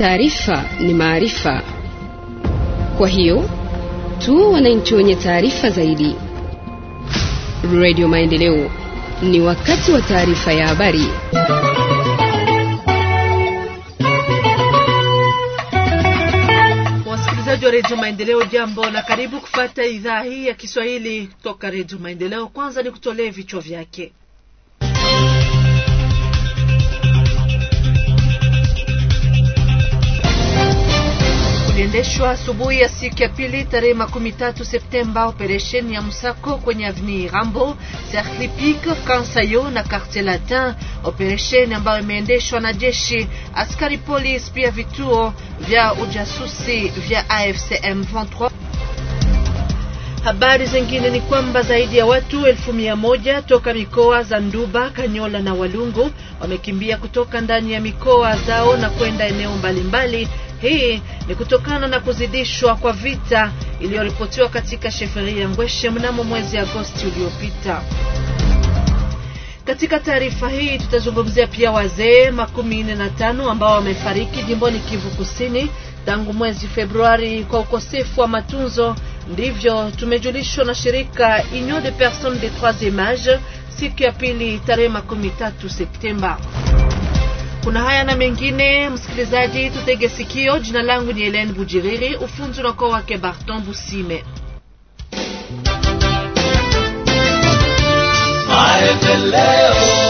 Taarifa ni maarifa, kwa hiyo tu wananchi wenye taarifa zaidi. Radio Maendeleo, ni wakati wa taarifa ya habari. Wasikilizaji wa Redio Maendeleo, jambo na karibu kufata idhaa hii ya Kiswahili toka Redio Maendeleo. Kwanza ni kutolee vichwa vyake. Iliendeshwa asubuhi ya siku ya pili tarehe makumi tatu Septemba operesheni ya msako kwenye avni Rambo, serclipic Kansayo na Quartier Latin, operesheni ambayo imeendeshwa na jeshi, askari polisi, pia vituo vya ujasusi vya AFCM 23. Habari zingine ni kwamba zaidi ya watu elfu mia moja toka mikoa za Nduba, Kanyola na Walungu wamekimbia kutoka ndani ya mikoa zao na kwenda eneo mbalimbali mbali hii ni kutokana na kuzidishwa kwa vita iliyoripotiwa katika sheferi ya Ngweshe mnamo mwezi Agosti uliopita. Katika taarifa hii tutazungumzia pia wazee makumi nne na tano ambao wamefariki jimboni Kivu Kusini tangu mwezi Februari kwa ukosefu wa matunzo. Ndivyo tumejulishwa na shirika Union de Personnes de Troisieme Age siku ya pili tarehe makumi tatu Septemba. Kuna haya na mengine, msikilizaji, tutege sikio. Jina langu ni Helene Bujiriri, ufunzi unakuwa wake Barton Busime. Maendeleo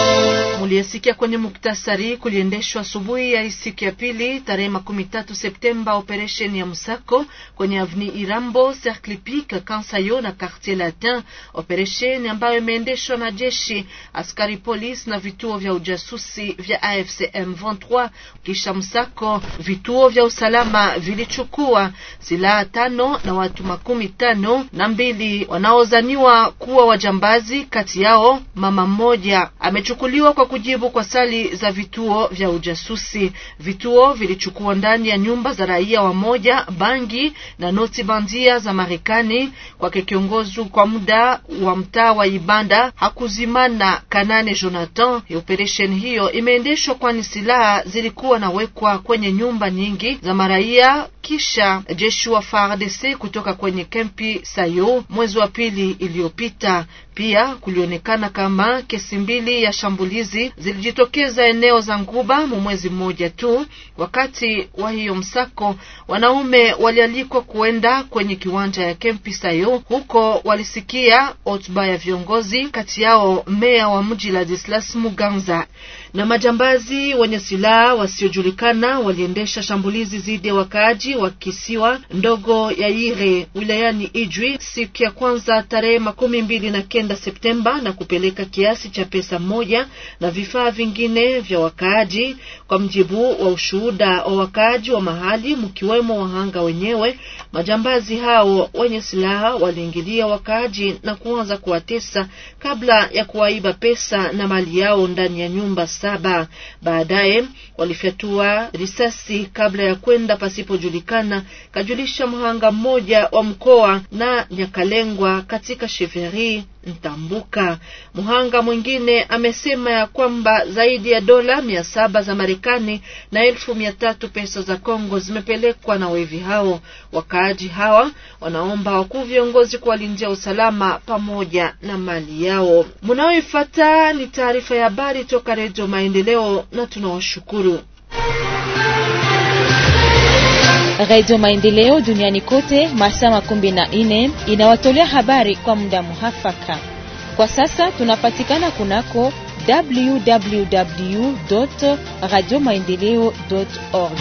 muliyesikia kwenye muktasari kuliendeshwa asubuhi ya siku ya pili tarehe makumi tatu Septemba operation ya msako kwenye avni Irambo, Cercle Pic, Kansayo na Quartier Latin, operation ambayo imeendeshwa na jeshi, askari polisi na vituo vya ujasusi vya m 23. Kisha msako, vituo vya usalama vilichukua silaha tano na watu makumi tano na mbili wanaozaniwa kuwa wajambazi, kati yao mama mmoja amechukuliwa kwa kujibu kwa sali za vituo vya ujasusi. Vituo vilichukua ndani ya nyumba za raia wa moja bangi na noti bandia za Marekani. Kwake kiongozi kwa muda wa mtaa wa Ibanda hakuzimana Kanane Jonathan, operesheni hiyo imeendeshwa kwani silaha zilikuwa nawekwa kwenye nyumba nyingi za maraia kisha jeshi wa FARDC kutoka kwenye kempi Sayo mwezi wa pili iliyopita. Pia kulionekana kama kesi mbili ya shambulizi zilijitokeza eneo za Nguba mu mwezi mmoja tu. Wakati wa hiyo msako, wanaume walialikwa kuenda kwenye kiwanja ya kempi Sayo. Huko walisikia hotuba ya viongozi, kati yao meya wa mji Ladislas Muganza. Na majambazi wenye silaha wasiojulikana waliendesha shambulizi dhidi ya wakaaji wa kisiwa ndogo ya Yire wilayani Ijwi siku ya kwanza tarehe makumi mbili na kenda Septemba na kupeleka kiasi cha pesa moja na vifaa vingine vya wakaaji, kwa mjibu wa ushuhuda wa wakaaji wa mahali, mkiwemo wahanga wenyewe. Majambazi hao wenye silaha waliingilia wakaaji na kuanza kuwatesa kabla ya kuwaiba pesa na mali yao ndani ya nyumba saba. Baadaye walifyatua risasi kabla ya kwenda pasipojulikana kujulikana, kajulisha mhanga mmoja wa mkoa na Nyakalengwa katika Sheveri ntambuka Mhanga mwingine amesema ya kwamba zaidi ya dola mia saba za Marekani na elfu mia tatu pesa za Kongo zimepelekwa na wevi hao. Wakaaji hawa wanaomba wakuu viongozi kuwalindia usalama pamoja na mali yao. Munaoifata ni taarifa ya habari toka Redio Maendeleo na tunawashukuru. Radio Maendeleo duniani kote masaa makumi na ine inawatolea habari kwa muda muhafaka. Kwa sasa tunapatikana kunako www radio maendeleo org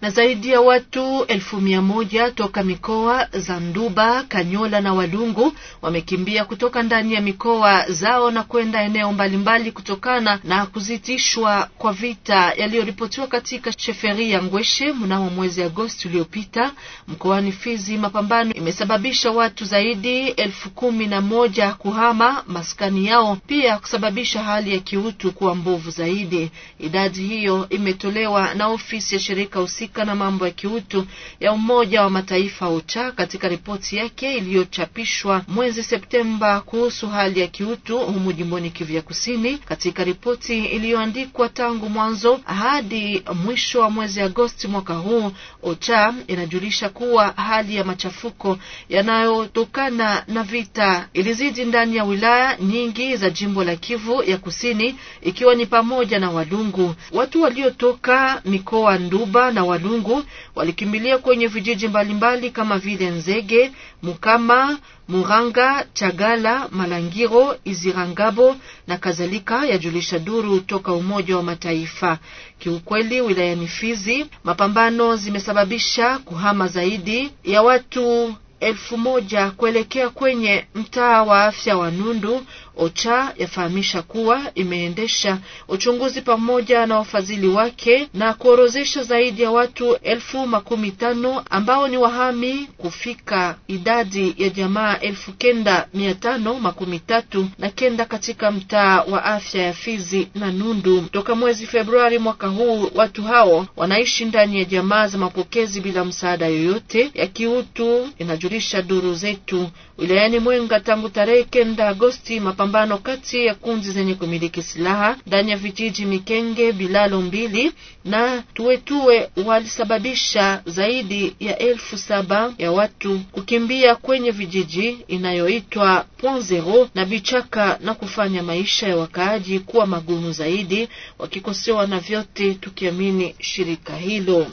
na zaidi ya watu elfu mia moja toka mikoa za Nduba, Kanyola na Walungu wamekimbia kutoka ndani ya mikoa zao na kwenda eneo mbalimbali kutokana na kuzitishwa kwa vita yaliyoripotiwa katika sheferi ya Ngweshe mnamo mwezi Agosti uliopita. Mkoani Fizi, mapambano imesababisha watu zaidi elfu kumi na moja kuhama maskani yao, pia kusababisha hali ya kiutu kuwa mbovu zaidi. Idadi hiyo imetolewa na ofisi ya shirika husika husika na mambo ya kiutu ya Umoja wa Mataifa OCHA katika ripoti yake iliyochapishwa mwezi Septemba kuhusu hali ya kiutu humu jimboni Kivu ya Kusini. Katika ripoti iliyoandikwa tangu mwanzo hadi mwisho wa mwezi Agosti mwaka huu, OCHA inajulisha kuwa hali ya machafuko yanayotokana na vita ilizidi ndani ya wilaya nyingi za jimbo la Kivu ya Kusini, ikiwa ni pamoja na Walungu. Watu waliotoka mikoa Nduba na Walungu Badungu walikimbilia kwenye vijiji mbalimbali kama vile Nzege, Mukama, Muranga, Chagala, Malangiro, Izirangabo na kadhalika, yajulisha duru toka Umoja wa Mataifa. Kiukweli, wilayani Fizi mapambano zimesababisha kuhama zaidi ya watu elfu moja kuelekea kwenye mtaa wa afya wa Nundu OCHA yafahamisha kuwa imeendesha uchunguzi pamoja na wafadhili wake na kuorozesha zaidi ya watu elfu makumi tano ambao ni wahami kufika idadi ya jamaa elfu kenda mia tano makumi tatu na kenda katika mtaa wa afya ya Fizi na Nundu. Toka mwezi Februari mwaka huu, watu hao wanaishi ndani ya jamaa za mapokezi bila msaada yoyote ya kiutu, inajulisha duru zetu wilayani Mwenga tangu tarehe kenda Agosti mapam mapambano kati ya kundi zenye kumiliki silaha ndani ya vijiji Mikenge, Bilalo mbili na tuwetuwe walisababisha zaidi ya elfu saba ya watu kukimbia kwenye vijiji inayoitwa Point Zero na vichaka na kufanya maisha ya wakaaji kuwa magumu zaidi, wakikosewa na vyote, tukiamini shirika hilo.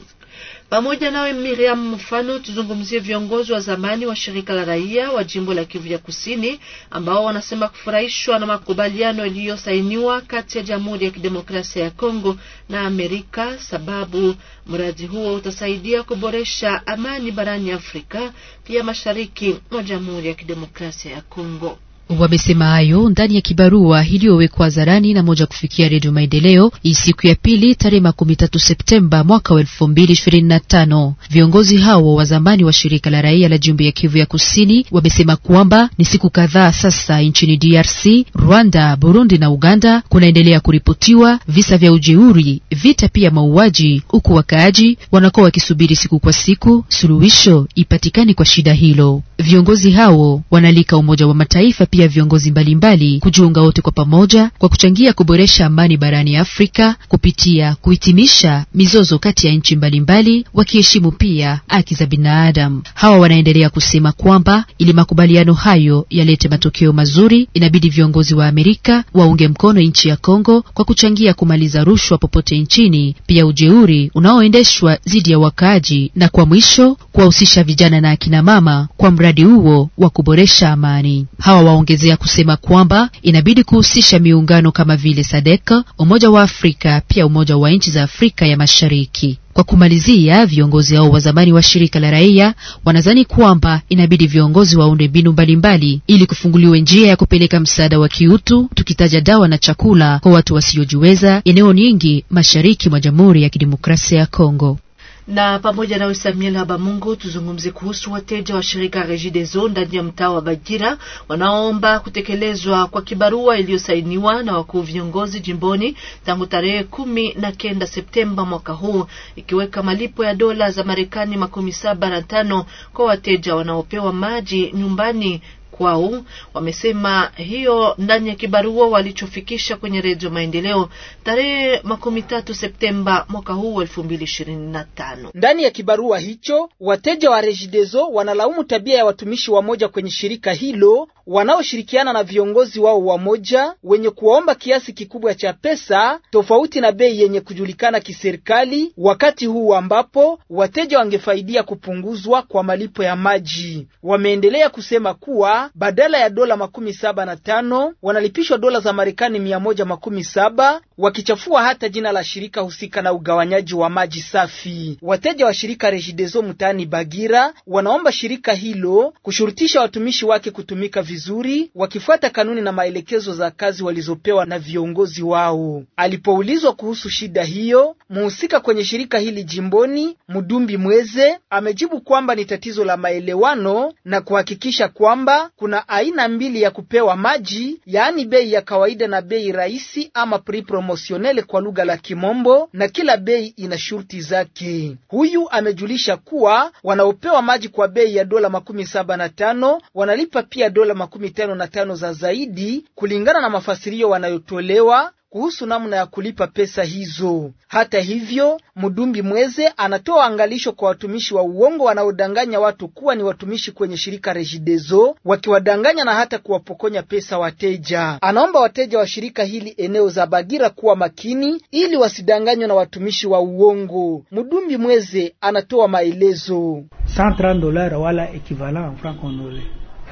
Pamoja nawe Miriam Mfano, tuzungumzie viongozi wa zamani wa shirika la raia wa jimbo la Kivu ya Kusini ambao wanasema kufurahishwa na makubaliano yaliyosainiwa kati ya Jamhuri ya Kidemokrasia ya Kongo na Amerika, sababu mradi huo utasaidia kuboresha amani barani Afrika, pia mashariki mwa Jamhuri ya Kidemokrasia ya Kongo. Wamesema hayo ndani ya kibarua iliyowekwa hadharani na moja kufikia Redio Maendeleo siku ya pili tarehe makumi tatu Septemba mwaka wa elfu mbili ishirini na tano. Viongozi hao wa zamani wa shirika la raia la jimbo ya Kivu ya Kusini wamesema kwamba ni siku kadhaa sasa nchini DRC, Rwanda, Burundi na Uganda kunaendelea kuripotiwa visa vya ujeuri, vita, pia mauaji, huku wakaaji wanakuwa wakisubiri siku kwa siku suluhisho ipatikane kwa shida hilo. Viongozi hao wanalika Umoja wa Mataifa pia viongozi mbalimbali kujiunga wote kwa pamoja kwa kuchangia kuboresha amani barani Afrika kupitia kuhitimisha mizozo kati ya nchi mbalimbali, wakiheshimu pia haki za binadamu. Hawa wanaendelea kusema kwamba ili makubaliano hayo yalete matokeo mazuri, inabidi viongozi wa Amerika waunge mkono nchi ya Kongo kwa kuchangia kumaliza rushwa popote nchini, pia ujeuri unaoendeshwa dhidi ya wakaaji, na kwa mwisho kuwahusisha vijana na akina mama kwa mradi huo wa kuboresha amani. Hawa waongezea kusema kwamba inabidi kuhusisha miungano kama vile sadek Umoja wa Afrika, pia Umoja wa Nchi za Afrika ya Mashariki. Kwa kumalizia, viongozi hao wa zamani wa shirika la raia wanadhani kwamba inabidi viongozi waunde mbinu mbalimbali ili kufunguliwe njia ya kupeleka msaada wa kiutu, tukitaja dawa na chakula kwa watu wasiojiweza eneo nyingi mashariki mwa Jamhuri ya Kidemokrasia ya Kongo na pamoja nawe Samuel Habamungu. Tuzungumze kuhusu wateja wa shirika Regideso ndani ya mtaa wa Bagira wanaomba kutekelezwa kwa kibarua iliyosainiwa na wakuu viongozi jimboni tangu tarehe kumi na kenda Septemba mwaka huu ikiweka malipo ya dola za Marekani makumi saba na tano kwa wateja wanaopewa maji nyumbani kwao. Wamesema hiyo ndani ya kibarua walichofikisha kwenye Redio Maendeleo tarehe makumi tatu Septemba mwaka huu elfu mbili ishirini na tano. Ndani ya kibarua hicho wateja wa Regideso wanalaumu tabia ya watumishi wamoja kwenye shirika hilo wanaoshirikiana na viongozi wao wamoja wenye kuwaomba kiasi kikubwa cha pesa tofauti na bei yenye kujulikana kiserikali, wakati huu ambapo wateja wangefaidia kupunguzwa kwa malipo ya maji. Wameendelea kusema kuwa badala ya dola makumi saba na tano wanalipishwa dola za Marekani mia moja makumi saba wakichafua hata jina la shirika husika na ugawanyaji wa maji safi. Wateja wa shirika Regideso mtaani Bagira wanaomba shirika hilo kushurutisha watumishi wake kutumika vizuri, wakifuata kanuni na maelekezo za kazi walizopewa na viongozi wao. Alipoulizwa kuhusu shida hiyo, mhusika kwenye shirika hili jimboni Mudumbi Mweze amejibu kwamba ni tatizo la maelewano na kuhakikisha kwamba kuna aina mbili ya kupewa maji, yaani bei ya kawaida na bei rahisi ama prix promotionnel kwa lugha la Kimombo, na kila bei ina shurti zake. Huyu amejulisha kuwa wanaopewa maji kwa bei ya dola makumi saba na tano wanalipa pia dola makumi tano na tano za zaidi kulingana na mafasirio wanayotolewa kuhusu namna ya kulipa pesa hizo. Hata hivyo, Mdumbi Mweze anatoa angalisho kwa watumishi wa uongo wanaodanganya watu kuwa ni watumishi kwenye shirika Regideso, wakiwadanganya na hata kuwapokonya pesa wateja. Anaomba wateja wa shirika hili eneo za Bagira kuwa makini ili wasidanganywe na watumishi wa uongo. Mdumbi Mweze anatoa maelezo. 130 wala equivalent franc congolais.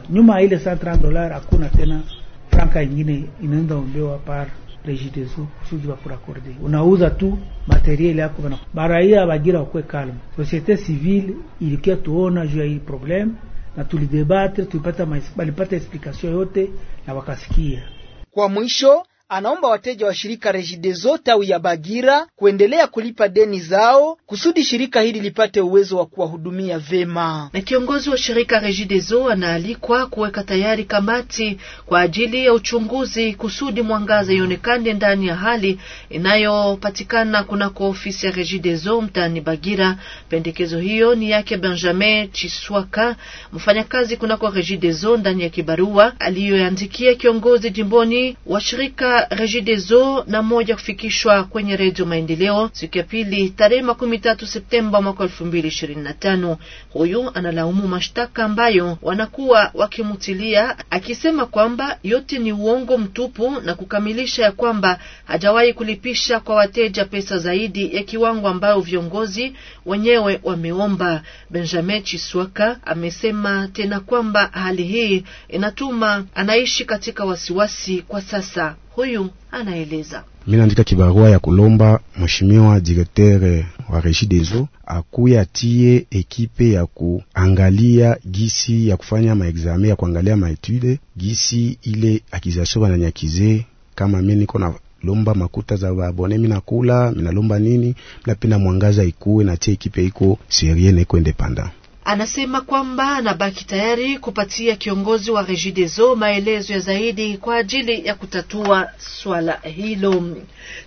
Nyuma ile 130 hakuna tena franka ingine inaenda ombewa para rejidezo kusudi bakurakorde unauza tu materiel yako bana baraia bagira wakwe kalma. Societe civile ilikia tuona juu ya hii problem na tulidebatre, tulipata balipata explikasio yote na wakasikia kwa mwisho anaomba wateja wa shirika Regideso tawi ya Bagira kuendelea kulipa deni zao kusudi shirika hili lipate uwezo wa kuwahudumia vema. Na kiongozi wa shirika Regideso anaalikwa kuweka tayari kamati kwa ajili ya uchunguzi kusudi mwangaza ionekane ndani ya hali inayopatikana kunako ofisi ya Regideso mtaani Bagira. Pendekezo hiyo ni yake Benjamin Chiswaka, mfanyakazi kunako Regideso ndani ya kibarua aliyoandikia kiongozi jimboni wa shirika kutoka Regideso na moja kufikishwa kwenye Redio Maendeleo siku ya pili tarehe makumi tatu Septemba mwaka elfu mbili ishirini na tano. Huyu analaumu mashtaka ambayo wanakuwa wakimutilia akisema kwamba yote ni uongo mtupu na kukamilisha ya kwamba hajawahi kulipisha kwa wateja pesa zaidi ya kiwango ambayo viongozi wenyewe wameomba. Benjamin Chiswaka amesema tena kwamba hali hii inatuma anaishi katika wasiwasi kwa sasa. Huyu anaeleza mimi naandika kibarua ya kulomba mheshimiwa direktere wa Regideso akuya atie ekipe ya kuangalia gisi ya kufanya maexame ya kuangalia maetude gisi ile akizasio bananyakize kama mimi niko na lomba makuta za babone minakula minalomba nini mina penda mwangaza ikuwe na tie ekipe iko serie na iko independant anasema kwamba anabaki tayari kupatia kiongozi wa Regideso maelezo ya zaidi kwa ajili ya kutatua swala hilo.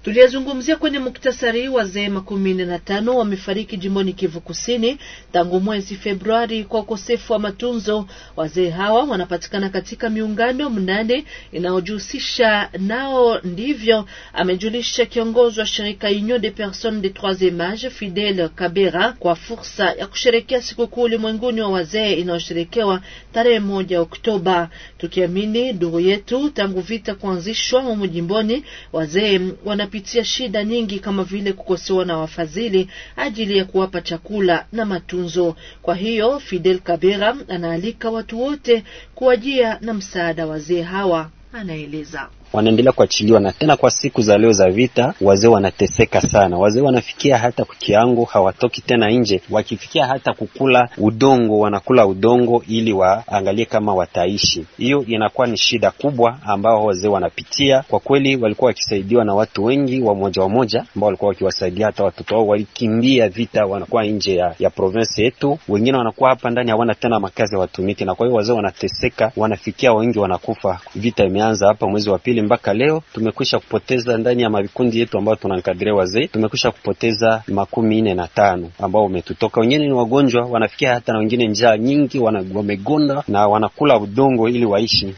Tuliyazungumzia kwenye muktasari, wazee makumi nne na tano wamefariki jimboni Kivu Kusini tangu mwezi Februari kwa ukosefu wa matunzo. Wazee hawa wanapatikana katika miungano mnane inayojihusisha nao, ndivyo amejulisha kiongozi wa shirika Union des Personnes de Troisieme Age Fidel Kabera kwa fursa ya kusherekea sikukuu ulimwenguni wa wazee inayosherekewa tarehe moja Oktoba, tukiamini ndugu yetu, tangu vita kuanzishwa humu jimboni, wazee wanapitia shida nyingi kama vile kukosewa na wafadhili ajili ya kuwapa chakula na matunzo. Kwa hiyo Fidel Kabera anaalika watu wote kuwajia na msaada wazee hawa, anaeleza wanaendelea kuachiliwa, na tena kwa siku za leo za vita, wazee wanateseka sana. Wazee wanafikia hata kukiango, hawatoki tena nje. Wakifikia hata kukula udongo, wanakula udongo ili waangalie kama wataishi. Hiyo inakuwa ni shida kubwa ambao wazee wanapitia. Kwa kweli, walikuwa wakisaidiwa na watu wengi wamoja wamoja ambao walikuwa wakiwasaidia, hata watoto wao walikimbia vita, wanakuwa nje ya, ya province yetu, wengine wanakuwa hapa ndani, hawana tena makazi ya watumiki, na kwa hiyo wazee wanateseka, wanafikia wengi wanakufa. Vita imeanza hapa mwezi wa pili mbili mpaka leo tumekwisha kupoteza ndani ya mavikundi yetu ambayo tunankadiria wazee, tumekwisha kupoteza makumi nne na tano ambao umetutoka. Wengine ni wagonjwa, wanafikia hata na wengine njaa nyingi, wamegonda na wanakula udongo ili waishi.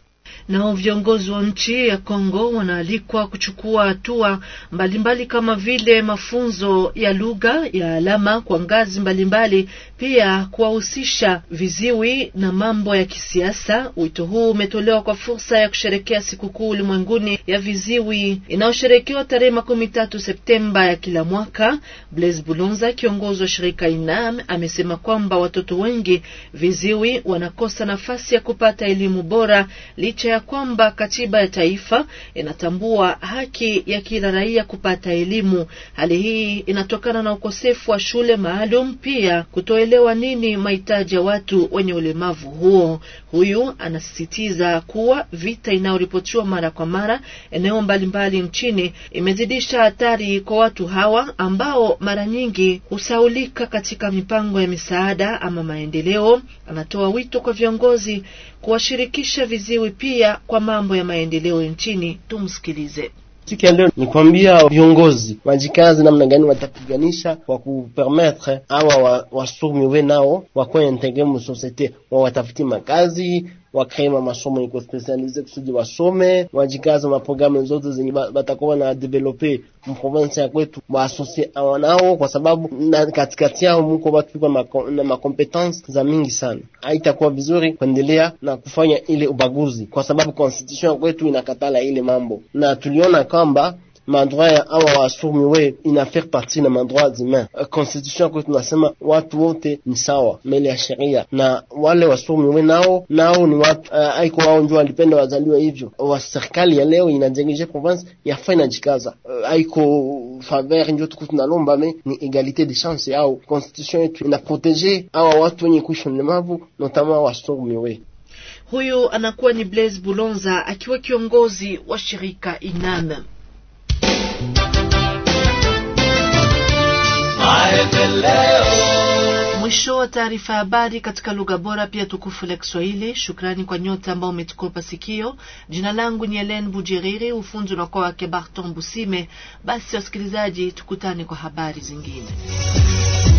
Nao viongozi wa nchi ya Kongo wanaalikwa kuchukua hatua mbalimbali kama vile mafunzo ya lugha ya alama kwa ngazi mbalimbali, pia kuwahusisha viziwi na mambo ya kisiasa. Wito huu umetolewa kwa fursa ya kusherekea sikukuu ulimwenguni ya viziwi inayosherekewa tarehe makumi tatu Septemba ya kila mwaka. Blaise Bulonza, kiongozi wa shirika INAM, amesema kwamba watoto wengi viziwi wanakosa nafasi ya kupata elimu bora licha ya kwamba katiba ya taifa inatambua haki ya kila raia kupata elimu. Hali hii inatokana na ukosefu wa shule maalum, pia kutoelewa nini mahitaji ya watu wenye ulemavu huo. Huyu anasisitiza kuwa vita inayoripotiwa mara kwa mara eneo mbalimbali nchini imezidisha hatari kwa watu hawa ambao mara nyingi husaulika katika mipango ya misaada ama maendeleo. Anatoa wito kwa viongozi kuwashirikisha viziwi pia kwa mambo ya maendeleo nchini. Tumsikilize. Sikia leo ni kuambia viongozi wajikazi namna gani watapiganisha kwa kupermetre awa wasomi wa we nao wakwentege mu societe, wawatafuti makazi wakaima masomo iko specialize kusudi wasome wajikaza maprogramu zote zenye batakuwa na develope mprovinsi ya kwetu waasosie awanao, kwa sababu na katikati yao muko watu kwa na makompetence za mingi sana. Haitakuwa vizuri kuendelea na kufanya ile ubaguzi, kwa sababu constitution ya kwetu inakatala ile mambo, na tuliona kwamba mandroya ya hawa wasomi inafere parti na mandroya zima. Euh, constitution yetu tunasema watu wote ni sawa mbele ya sheria, na wale wasomi we nao nao ni watu uh, aiko wao ndio walipenda wazaliwa hivyo. Wa serikali ya leo inajengeje province yafaa inajikaza, uh, aiko faveur ndio tuku tunalomba, me ni egalite de chance yao. Constitution yetu inaprotege awa watu wenye kuishi mlemavu, notama wasomi we Huyu anakuwa ni Blaise Bulonza akiwa kiongozi wa shirika Inama. Mwisho wa taarifa ya habari katika lugha bora pia tukufu la Kiswahili. Shukrani kwa nyote ambao umetukopa sikio. Jina langu ni Helen Bujeriri, ufunzi unakuwa wake Barton Busime. Basi wasikilizaji, tukutane kwa habari zingine.